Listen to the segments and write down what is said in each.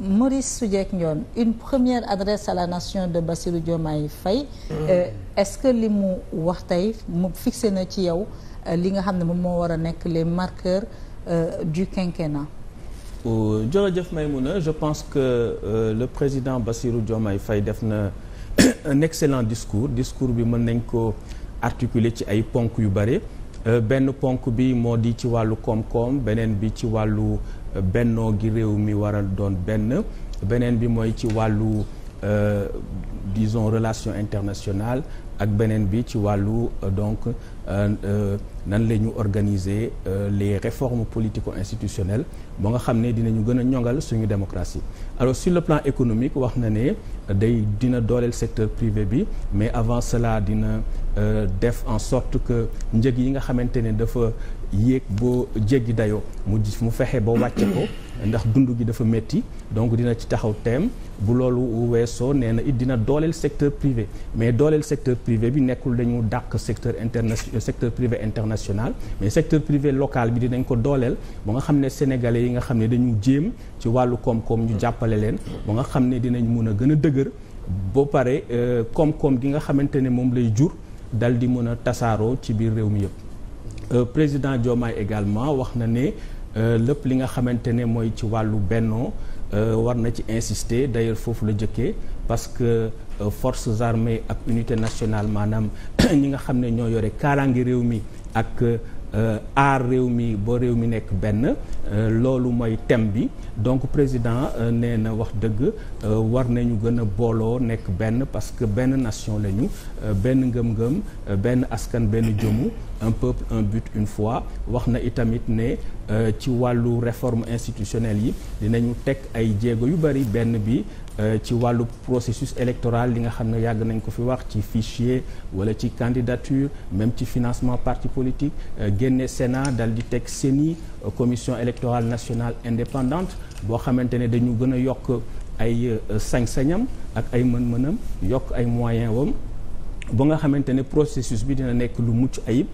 Maurice Soudieck Ndione une première adresse à la nation de Bassirou Diomaye Faye mm. euh, est-ce que li mu wax tey mu fixé na ci yow euh, li nga xam ne moom moo war a nekk les marqueurs euh, du quinquennat oh, jërëjëf Maïmouna je pense que le président Bassirou Diomaye Faye def na un excellent discours discours bi mën nañ ko articuler ci ay ponk yu bare Euh, benn ponk bi moo di ci wàllu koom-koom beneen bi ci wàllu euh, bennoo gi réew mi war doon benn beneen bi mooy ci wàllu euh, disons relation internationale ak beneen bi ci wàllu euh, donc euh, euh, nan la ñu organiser les réformes politico-institutionnelles ba nga xam ne dinañu gën a ñongal suñu démocratie alors sur le plan économique wax na ne day dina dooleel secteur privé bi mais avant cela dina def en sorte que njëg yi nga xamante ne dafa yéeg boo jéggi dayoo mu mu fexe ba wàcce ko ndax dund gi dafa métti donc dina ci taxaw thème bu loolu weesoo nee na it dina dooleel secteur privé mais dooleel secteur privé bi nekkul dañu dàq secteur interna secteur privé international mais secteur privé local bi dinañ ko dooleel ba nga xam ne sénégalais yi nga xam ne dañu jéem ci wàllu koom-koom ñu jàppale leen ba nga xam ne dinañ mun a gën a dëgër ba pare euh, koom-koom gi nga xamante ne moom lay jur dal di mën a tasaaroo ci biir réew mi yëpp euh, président Diomaye également wax na ne euh, lépp li nga xamante ne mooy ci wàllu bennoo Euh, war na ci insisté d'ailleurs foofu la jëkkee parce que euh, forces armées ak unité nationale maanaam ñi nga xam ne ñoo yore kaaraangi réew mi ak euh, aar réew mi boo réew mi nekk benn loolu mooy thème bi donc président nee na wax dëgg war nañu gën a booloo nekk benn parce que benn nation lañu benn ngëm-ngëm benn askan benn jëmu un peuple une fois wax na itamit ne euh, ci wàllu réforme institutionnelle yi dinañu teg ay jéego yu bari benn bi euh, ci wàllu processus électoral li nga xam ne yàgg nañ ko fi wax ci fichier wala ci candidature même ci financement parti politique euh, génne Sénat dal di teg CENI commission électoral national indépendante boo xamante ne dañu gën a yokk ay sañ-sañam ak ay mën-mënam yokk ay moyen wam ba nga xamante ne processus bi dina nekk lu mucc ayib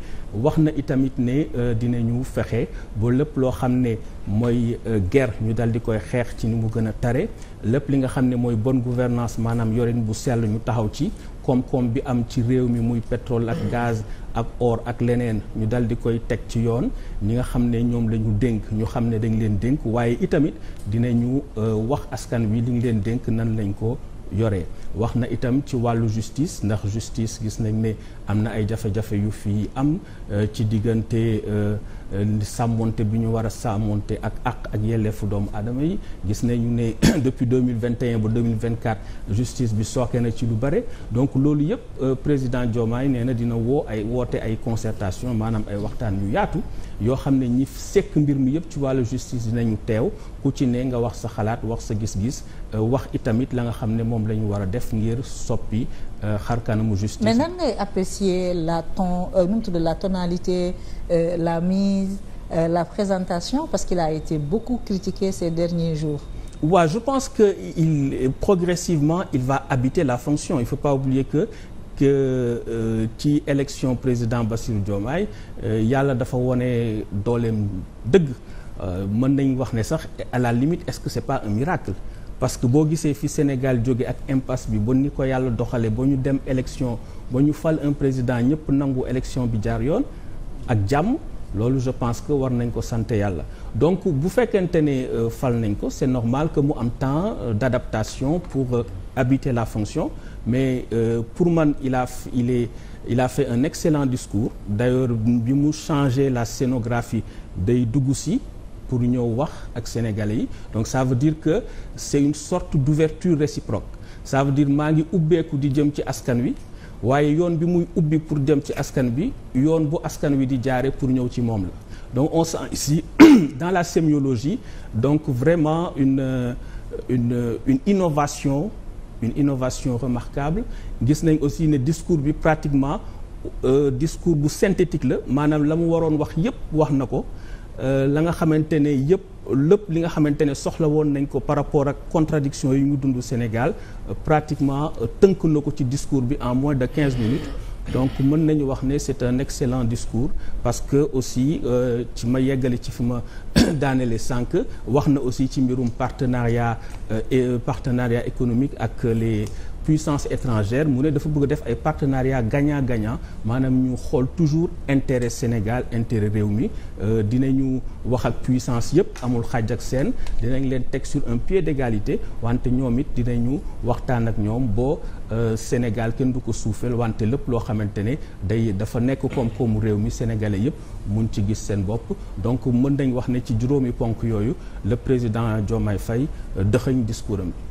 wax na itamit ne dina euh, dinañu fexe ba lépp loo xam ne mooy euh, guerre ñu dal di koy xeex ci ni mu gën a tare lépp li nga xam ne mooy bon gouvernance maanaam yorin bu sell ñu taxaw ci koom-koom bi am ci réew mi muy pétrole ak gaz ak or ak leneen ñu dal di koy teg ci yoon ñi nga xam ne ñoom la ñu dénk ñu xam ne dañ leen dénk waaye itamit dina dinañu euh, wax askan wi li ñu leen dénk nan lañ ko yoree wax na itam ci wàllu justice ndax justice gis nañ ne am na ay jafe-jafe yu fii am euh, ci diggante euh, euh, sàmmonte bi ñu war a sàmmonte ak ak ak yelleefu doomu adama yi gis nañu ne depuis 2021 ba 2024 justice bi sooke na ci lu bare donc loolu yëpp président Diomaye nee na dina woo ay woote ay concertation maanaam ay waxtaan yu yaatu yoo xam ne ñi sekk mbir mi yëpp ci wàllu justice dinañu teew ku ci ne nga wax sa xalaat wax sa gis-gis Euh, wax itamit la nga xam ne moom la ñu war a def ngir soppi euh, xar mu justice. mais nan ngay apprécier la ton euh, nu de la tonalité la mise la présentation parce qu'il a été beaucoup critiqué ces derniers jours. waaw je pense que il progressivement il va habiter la fonction il faut pas oublier que. ci euh, élection président Bassirou Diomaye euh, yàlla dafa wone dooleem dëgg mën nañu wax ne sax à la limite est-ce que c'est pas un miracle parce que boo gisee fi Sénégal jóge ak impasse bi ba ni ko yàlla doxalee ba ñu dem élection ba ñu fal un président ñëpp nangu élection bi jaar yoon ak jàmm loolu je pense que war nañ ko sant yàlla donc bu fekkente ne euh, fal nañ ko c'est normal que mu am temps euh, d'adaptation pour euh, habiter la fonction mais pour man il a il fait un excellent discours d'ailleurs bi mu changé la scénographie day dugg si pour ñëw wax ak sénégalais yi donc ça veut dire que c'est une sorte d'ouverture réciproque ça veut dire maa ngi ubbeeku di jëm ci askan wi waaye yoon bi muy ubbi pour dem ci askan bi yoon bu askan wi di jaare pour ñëw ci moom la donc on sent ici dans la sémiologie donc vraiment une euh, une euh, une innovation une innovation remarquable gis nañ aussi ne discours bi pratiquement euh, discours bu synthétique la maanaam la mu waroon wax yépp wax na ko Euh, la nga xamante ne yëpp lépp li nga xamante ne soxla woon nañ ko par rapport ak contradiction yi ñu dund Sénégal euh, pratiquement euh, tënk na ko ci discours bi en moins de quinze minutes donc mën nañu wax ne c'est un excellent discours parce que aussi ci ma yeggale ci fi ma daanele sànq wax na aussi ci mbirum partenariat et partenariat économique ak les puissance étrangère mu ne dafa bëgg def ay partenariat gagnant gaña maanaam ñu xool toujours intérêt Sénégal intérêt réew mi euh, ñu wax ak puissance yëpp amul xaj ak seen dinañ leen teg sur un pied d'égalité wante ñoom it ñu waxtaan ak ñoom boo euh, Sénégal kenn du ko suufeel wante lépp loo xamante ne day dafa nekk koom-koomu réew mi sénégalais yëpp mun ci gis seen bopp donc mën nañ wax ne ci juróomi ponk yooyu le président Diomaye Faye euh, dëxëñ discours